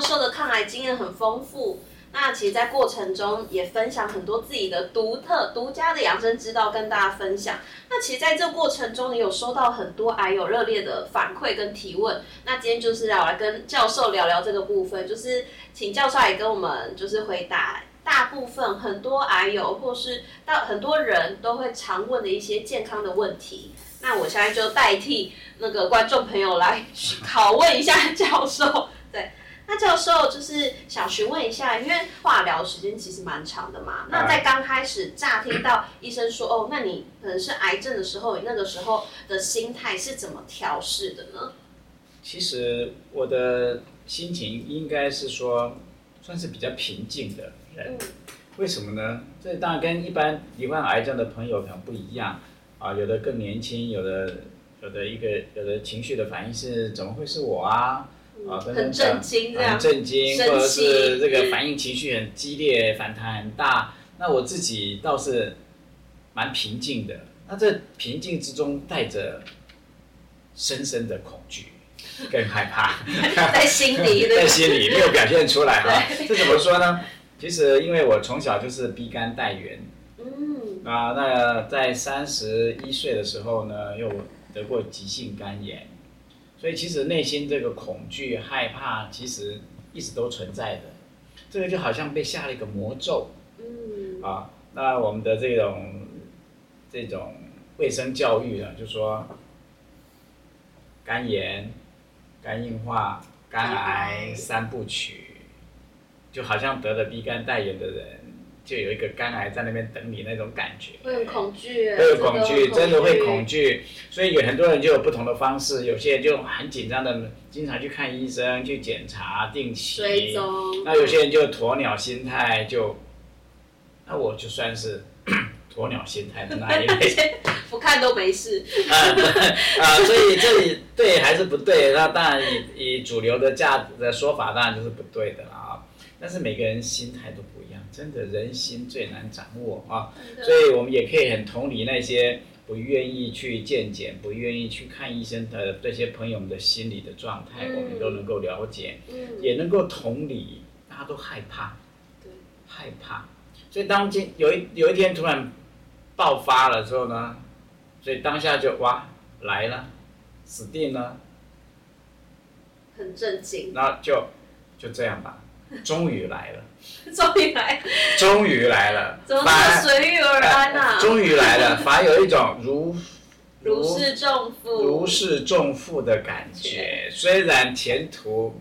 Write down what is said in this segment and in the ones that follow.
教授的抗癌經驗很豐富，那其實，在過程中也分享很多自己的獨特、獨家的養生之道跟大家分享。那其實，在這個過程中，也有收到很多癌友熱烈的反饋跟提問。那今天就是要來，來跟教授聊聊這個部分，就是請教授也跟我們，就是回答大部分很多癌友或是到很多人都會常問的一些健康的問題。那我現在就代替那個觀眾朋友來拷問一下教授，對。那這個時候就是想詢問一下，因為化療時間其實蠻長的嘛。啊、那在剛開始乍聽到醫生說“哦，那你可能是癌症”的時候，那個時候的心態是怎麼調適的呢？其實我的心情應該是說，算是比較平靜的人。嗯、為什麼呢？這當然跟一般罹患癌症的朋友可能不一樣啊，有的更年輕，有的，有的一個，有的情緒的反應是“怎麼會是我啊？”哦、真的真的很震驚，這震驚，或者是這個反應情緒很激烈，反彈很大。是那我自己倒是蠻平靜的，那這平靜之中帶着深深的恐懼，更害怕， 在心裡理， 在心裡理對沒有表現出來啊。這怎麼說呢？其實因為我從小就是乙肝帶原，嗯，啊，那個、在三十一歲的時候呢，又得過急性肝炎。所以其實內心這個恐懼、害怕，其實一直都存在的，這個就好像被下了一個魔咒。嗯啊，那我們的這種這種衛生教育呢、啊，就說肝炎、肝硬化、肝癌三部曲，就好像得了 B 肝帶原的人。就有一個肝癌在那邊等你那種感覺，會很恐懼，會有恐懼，真的很懼，真的會恐懼。 所以有很多人就有不同的方式，有些人就很緊張的，經常去看醫生去檢查定期。追蹤。那有些人就鴕鳥心態就，就那我就算是 鴕鳥心態的那一位。 不看都沒事。啊 啊、呃呃呃！所以這裡對還是不對？那當然以以主流的價值的說法，當然就是不對的了啊。但是每個人心態都不一樣。真的人心最難掌握啊，的所以我們也可以很同理那些不願意去健檢，對不願意去看醫生的這些朋友們的心理的狀態，嗯、我們都能夠了解，嗯、也能夠同理，大家都害怕，對害怕。所以當今有一有一天突然爆發了之後呢，所以當下就哇來了，死定了，很震驚。那就就這樣吧，終於來了。 終於來，終於來了，安而麼麼隨遇而安吶、啊。終於來了，反而有一種如如釋如重負、如釋重負的感覺。感覺雖然前途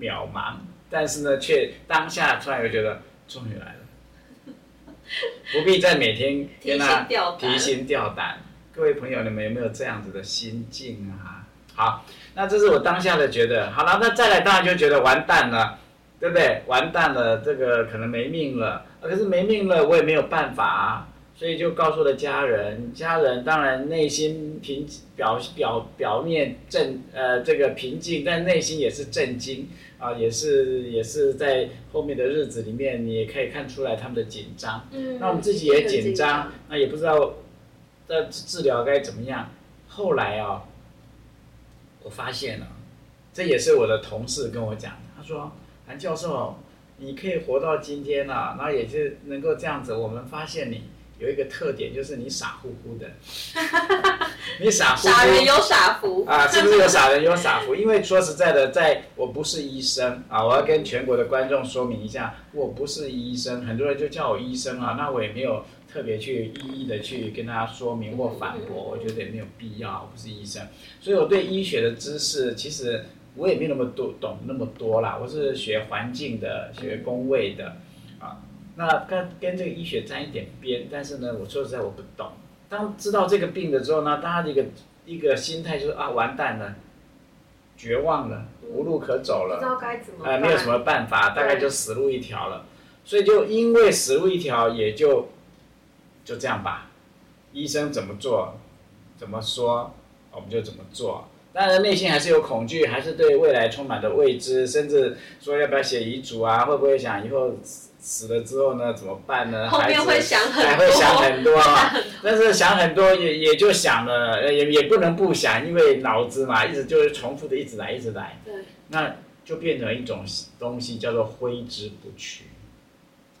渺茫，但是呢，卻當下突然又覺得終於來了， 不必再每天，天哪提心吊膽。提心吊膽，各位朋友，你們有沒有這樣子的心境啊？好，那這是我當下的覺得。好了，那再來當然就覺得完蛋了。對不對？完蛋了，這個可能沒命了、啊、可是沒命了，我也沒有辦法、啊，所以就告訴了家人。家人當然內心平靜表表表面震呃這個平靜，但內心也是震驚啊、呃，也是也是在後面的日子裡面，你也可以看出來他們的緊張。嗯。那我們自己也緊張，那、啊、也不知道那治療該怎麼樣。後來啊、哦，我發現了，這也是我的同事跟我講，他說。韓教授，你可以活到今天啊。那也是能夠這樣子。我們發現你有一個特點，就是你傻乎乎的。 你傻乎乎，傻人有傻福啊！是不是有傻人有傻福？因為說實在的，在我不是醫生啊，我要跟全國的觀眾說明一下，我不是醫生。很多人就叫我醫生啊，那我也沒有特別去一一的去跟大家說明或反駁，我覺得也沒有必要。我不是醫生，所以我對醫學的知識其實。我也沒那麼多懂那麼多啦，我是學環境的，學工位的，嗯、啊，那跟跟這個醫學沾一點邊，但是呢，我說實在我不懂。當知道這個病的時候呢，大家的一個一個心態就是啊，完蛋了，絕望了，無路可走了，呃，沒有什麼辦法，大概就死路一條了。對所以就因為死路一條，也就就這樣吧。醫生怎麼做，怎麼說，我們就怎麼做。當然，但內心還是有恐懼，還是對未來充滿着未知，甚至說要不要寫遺囑啊？會不會想以後死了之後呢？怎麼辦呢？後面會想很多，還會想很多，很多，但是想很多也也就想了，也也不能不想，因為腦子嘛，一直就是重複的，一直來，一直來，對，那就變成一種東西，叫做揮之不去，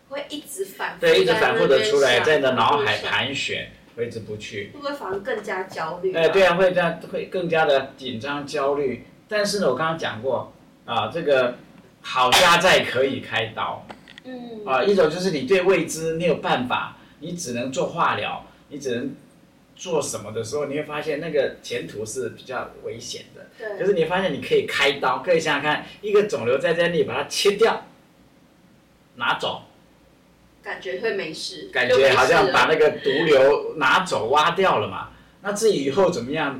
會一直反覆，對，一直反覆的出來，在你的腦海盤旋。揮之不去，會不會反而更加焦慮？哎、呃，對啊，會這樣，會更加的緊張、焦慮。但是呢，我剛剛講過啊，這個好家在可以開刀。嗯，啊，一種就是你對未知沒有辦法，你只能做化療，你只能做什麼的時候，你會發現那個前途是比較危險的。對，就是你發現你可以開刀，可以想想看，一個腫瘤在這裡，把它切掉，拿走。感覺會沒事，感覺好像把那個毒瘤拿走挖掉了嘛。 那自己以後怎麼樣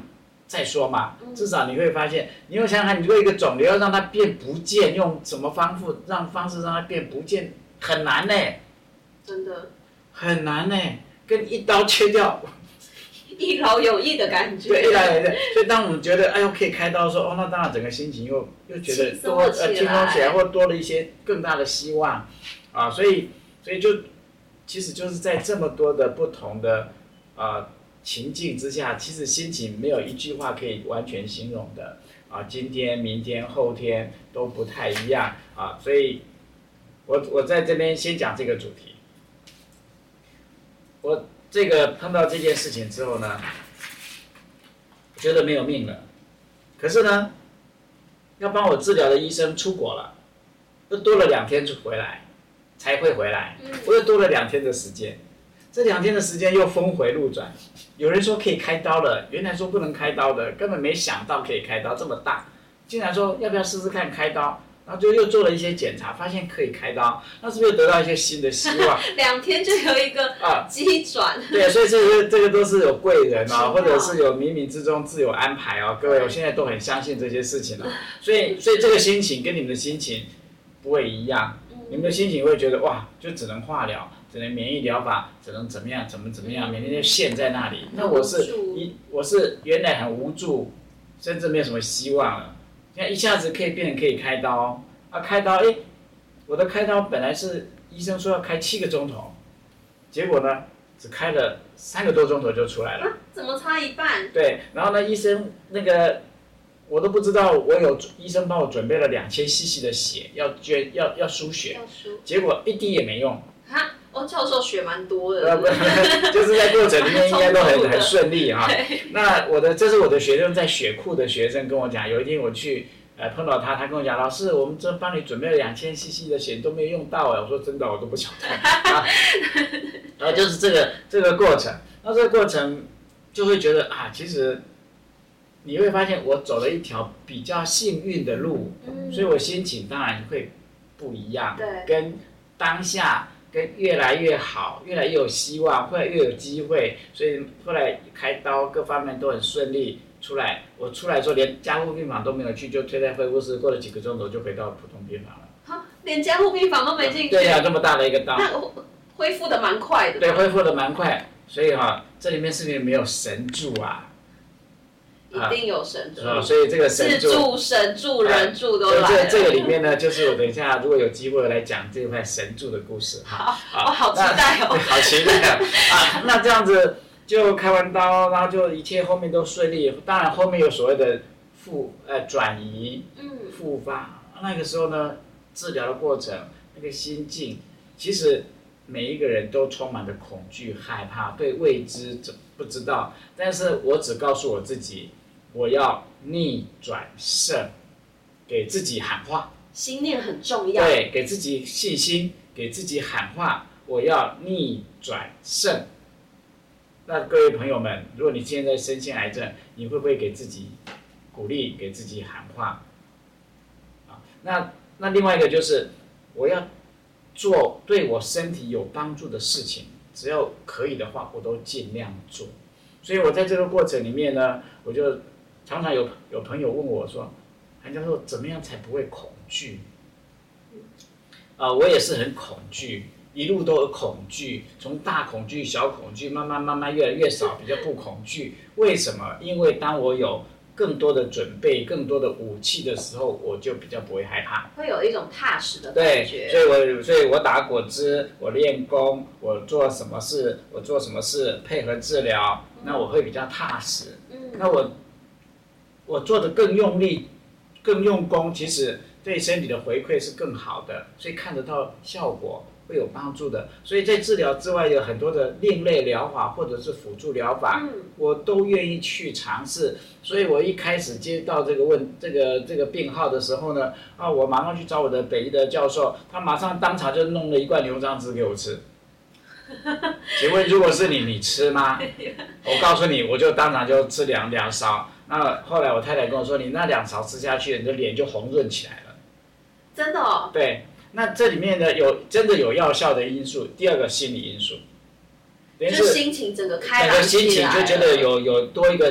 再說嘛。嗯、至少你會發現，你又想想看，如果一個腫瘤要讓它變不見，用什麼方法讓方式讓它變不見，很難呢、欸，真的。很難呢、欸。跟一刀切掉， 一勞永逸的感覺。 對、啊，一勞永逸。所以當我們覺得，哎呦，可以開刀的時候，說哦，那當然，整個心情又又覺得多輕鬆、呃、輕鬆起來，或多了一些更大的希望啊，所以。所以就，其實就是在這麼多的不同的啊、呃，情境之下，其實心情沒有一句話可以完全形容的啊。今天、明天、後天都不太一樣啊。所以我，我我在這邊先講這個主題。我這個碰到這件事情之後呢，我覺得沒有命了。可是呢，要幫我治療的醫生出國了，又多了兩天就回來。才會回來，我又多了兩天的時間，嗯、這兩天的時間又峰回路轉，有人說可以開刀了，原來說不能開刀的，根本沒想到可以開刀這麼大，竟然說要不要試試看開刀，然後就又做了一些檢查，發現可以開刀，那是不是又得到一些新的希望？ 兩天就有一個啊急轉啊，對，所以這個這個都是有貴人啊，或者是有冥冥之中自有安排啊，各位，我現在都很相信這些事情了、啊，所以所以這個心情跟你們的心情不會一樣。你們的心情會覺得哇，就只能化療，只能免疫療法，只能怎麼樣，怎麼怎麼樣，每天就陷在那裡。那我是一，我是原來很無助，甚至沒有什麼希望了。你看一下子可以變成可以開刀，啊開刀誒，我的開刀本來是醫生說要開七個鐘頭，結果呢，只開了三個多鐘頭就出來了，啊、怎麼差一半？對，然後呢醫生那個。我都不知道，我有醫生幫我準備了兩千 cc 的血，要捐，要要輸血，結果一滴也沒用。啊，韓教授血蠻多的。 對 就是在過程裡面、啊、應該都很很順利哈、啊。對那我的這是我的學生在血庫的學生跟我講，有一天我去、呃，碰到他，他跟我講，老師，我們這幫你準備了兩千 cc 的血都沒用到哎、啊，我說真的，我都不曉得。然後就是這個 這個過程，那這個過程就會覺得啊，其實。你會發現我走了一條比較幸運的路，嗯，所以我心情當然會不一樣，對跟當下跟越來越好，越來越有希望，越來越有機會，所以後來開刀各方面都很順利，出來我出來之後連加護病房都沒有去，就推在恢復室過了幾個鐘頭就回到普通病房了。哈、啊，連加護病房都沒進去對。對呀，啊，這麼大的一個刀。恢復的蠻快的。對，恢復的蠻快，所以哈、啊，這裡面是不是沒有神助啊？一定有神助，啊，所以這個神助，自助神助人助的話了，啊這個。這個裡面呢，就是我等一下如果有機會來講這塊神助的故事。我好，啊，好期待哦，好期待啊， 啊，那這樣子就開完刀，然後就一切後面都順利。當然，後面有所謂的復呃轉移，嗯復發，嗯、那個時候呢，治療的過程，那個心境，其實，每一個人都充滿着恐懼、害怕，對未知不知道。但是我只告訴我自己，我要逆轉勝，給自己喊話。心念很重要。對，給自己信心，給自己喊話，我要逆轉勝。那各位朋友們，如果你現在身患癌症，你會不會給自己鼓勵，給自己喊話？那那另外一個就是，我要。做對我身體有幫助的事情，只要可以的話，我都盡量做。所以，我在這個過程裡面呢，我就常常有有朋友問我說：“韓教授，怎麼樣才不會恐懼？”啊、呃，我也是很恐懼，一路都有恐懼，從大恐懼、小恐懼，慢慢慢慢越來越少，比較不恐懼。為什麼？因為當我有。更多的準備，更多的武器的時候，我就比較不會害怕，會有一種踏實的感覺。對，所以我，所以我，我打果汁，我練功，我做什麼事，我做什麼事配合治療，嗯，那我會比較踏實。嗯，那我我做的更用力，更用功，其實對身體的回饋是更好的，所以看得到效果。會有幫助的，所以在治療之外有很多的另類療法或者是輔助療法，我都願意去嘗試。所以我一開始接到這個問這個這個病號的時候呢，啊，我馬上去找我的北醫的教授，他馬上當場就弄了一罐牛樟芝給我吃。請問如果是你，你吃嗎？我告訴你，我就當場就吃兩兩勺。那後來我太太跟我說，你那兩勺吃下去，你的臉就紅潤起來了。真的哦？對。那這裡面呢，有真的有藥效的因素，第二個心理因素，就是心情整個開朗，心情就覺得有有多一個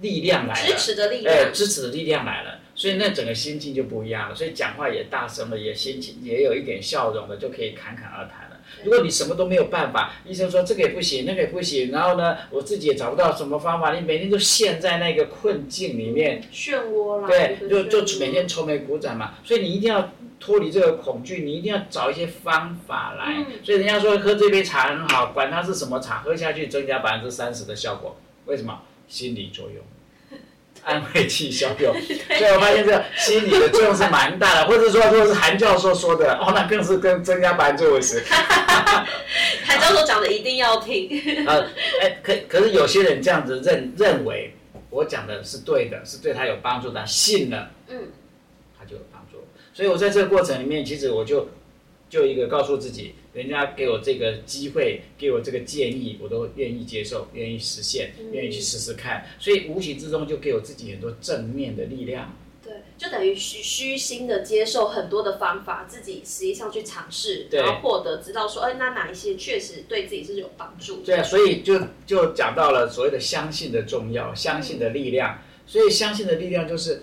力量來了，支持的力量、哎，支持的力量來了，所以那整個心境就不一樣了，所以講話也大聲了，也心情也有一點笑容了，就可以侃侃而談了。對如果你什麼都沒有辦法，醫生說這個也不行，那個也不行，然後呢，我自己也找不到什麼方法，你每天就陷在那個困境裡面，嗯、漩渦了，對，就就每天愁眉苦臉嘛，所以你一定要。脫離這個恐懼，你一定要找一些方法來。嗯、所以人家說喝這杯茶很好，管它是什麼茶，喝下去增加百分之三十的效果。為什麼？心理作用，安慰劑效用。 對所以我發現這個心理的作用是蠻大的。 或者說，就是韓教授說的 哦，那更是更增加百分之五十。韓 教授講的一定要聽。哎、 啊欸，可可是有些人這樣子認認為我講的是對的，是對他有幫助的、啊，信了，嗯，他就有幫助。所以，我在這個過程裡面，其實我就就一個告訴自己，人家給我這個機會，給我這個建議，我都願意接受，願意實現，願意去試試看。嗯、所以，無形之中就給我自己很多正面的力量。對，就等於虛虛心的接受很多的方法，自己實際上去嘗試，對然後獲得知道說，哎，那哪一些確實對自己是有幫助。對啊，所以就就講到了所謂的相信的重要，相信的力量。嗯、所以，相信的力量就是。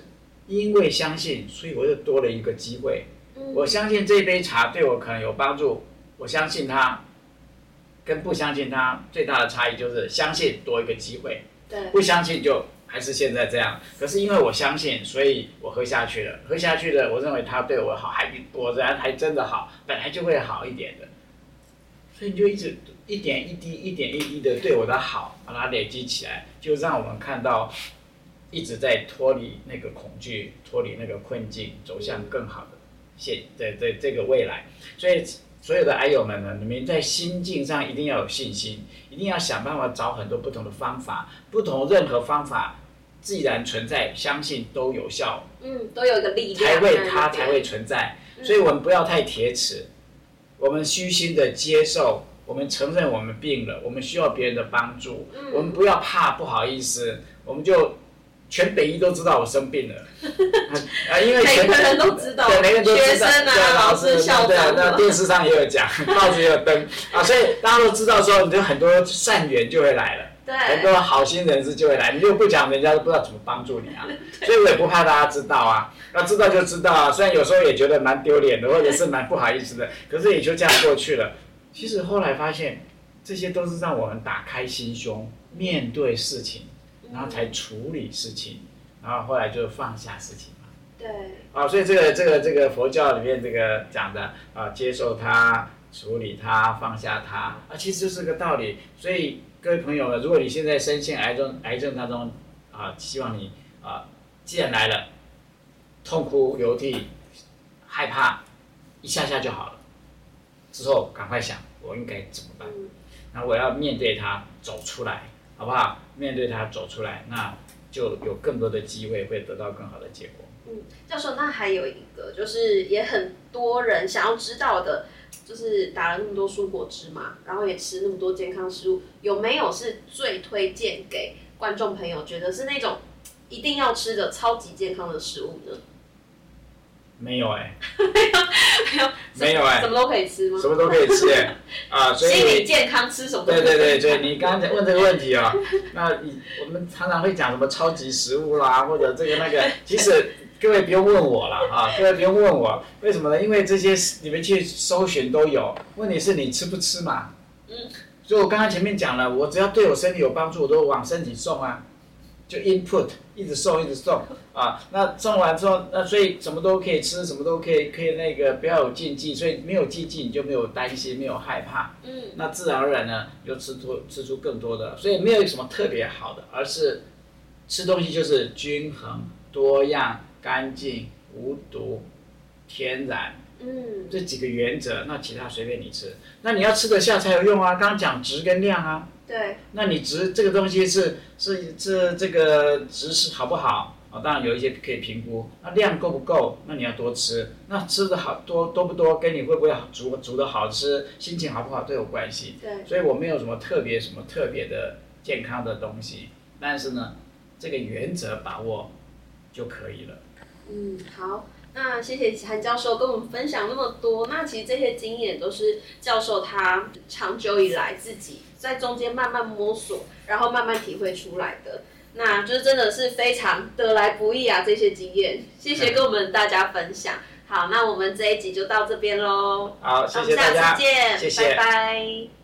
因為相信，所以我就多了一個機會。我相信這杯茶對我可能有幫助，我相信它，跟不相信它最大的差異就是相信多一個機會。對，不相信就還是現在這樣。可是因為我相信，所以我喝下去了，喝下去了，我認為它對我好，還果然還真的好，本來就會好一點的。所以你就一直一點一滴，一點一滴的對我的好，把它累積起來，就讓我們看到。一直在脫離那個恐懼，脫離那個困境，走向更好的現，在在、嗯、這個未來。所以，所有的癌友們呢，你們在心境上一定要有信心，一定要想辦法找很多不同的方法，不同任何方法，既然存在，相信都有效。嗯，都有一個力量、啊。才會它才會存在，嗯，所以我們不要太鐵齒，嗯，我們虛心的接受，我們承認我們病了，我們需要別人的幫助，嗯，我們不要怕不好意思，我們就。全北醫都知道我生病了，啊，啊因為全每個人都知道，對，每個人都知道。學生啊、對，老師、老師校長，對、啊，那電視上也有講， 報紙也有登啊，所以大家都知道，說你就很多善緣就會來了，對，很多好心人士就會來，你就不講，人家都不知道怎麼幫助你啊，對所以我也不怕大家知道啊，那知道就知道啊，雖然有時候也覺得蠻丟臉的，或者是蠻不好意思的，哎、可是也就這樣過去了。其實後來發現，這些都是讓我們打開心胸，面對事情。然後才處理事情，嗯、然後後來就放下事情嘛。對。啊，所以這個這個這個佛教裡面這個講的啊，接受它、處理它、放下它啊，其實就是個道理。所以各位朋友們，如果你現在深陷癌症癌症當中啊，希望你啊，既然來了，痛哭流涕、害怕，一下下就好了。之後趕快想，我應該怎麼辦？嗯、那我要面對它，走出來，好不好？面對它，走出來，那就有更多的機會會得到更好的結果。嗯，教授，那還有一個就是也很多人想要知道的，就是打了那麼多蔬果汁嘛，然後也吃那麼多健康食物，有沒有是最推薦給觀眾朋友，覺得是那種一定要吃的超級健康的食物呢？沒有哎，沒有 沒有，沒有哎，什麼都可以吃嗎？什麼都可以吃哎， 啊，所以心理健康吃什麼都可以？對對對對，你剛才問這個問題啊，哦， 那你我們常常會講什麼超級食物啦，或者這個那個，其實各位不用問我了 啊，各位不用問我，為什麼呢？因為這些你們去搜尋都有，問題是你吃不吃嘛？嗯，所以我剛剛前面講了，我只要對我身體有幫助，我都往身體送啊。就 input 一直送一直送，啊，那送完之後，那所以什麼都可以吃，什麼都可以，可以那個不要有禁忌，所以沒有禁忌你就沒有擔心，沒有害怕，嗯，那自然而然呢，你就吃出吃出更多的，所以沒有什麼特別好的，而是吃東西就是均衡、多樣、乾淨、無毒、天然，嗯，這幾個原則，那其他隨便你吃，那你要吃得下才有用啊，剛剛講質跟量啊。對，那你值這個東西是是是，是這個值是好不好啊？當然有一些可以評估，那量夠不夠？那你要多吃，那吃的好多多不多，跟你會不會煮煮的好吃，心情好不好都有關係。對，所以我沒有什麼特別什麼特別的健康的東西，但是呢，這個原則把握就可以了。嗯，好。那謝謝韓教授跟我們分享那麼多。那其實這些經驗都是教授他長久以來自己在中間慢慢摸索，然後慢慢體會出來的。那就真的是非常得來不易啊，這些經驗。謝謝跟我們大家分享。嗯、好，那我們這一集就到這邊嘍。好，謝謝大家。那我們下次見，謝謝。拜拜。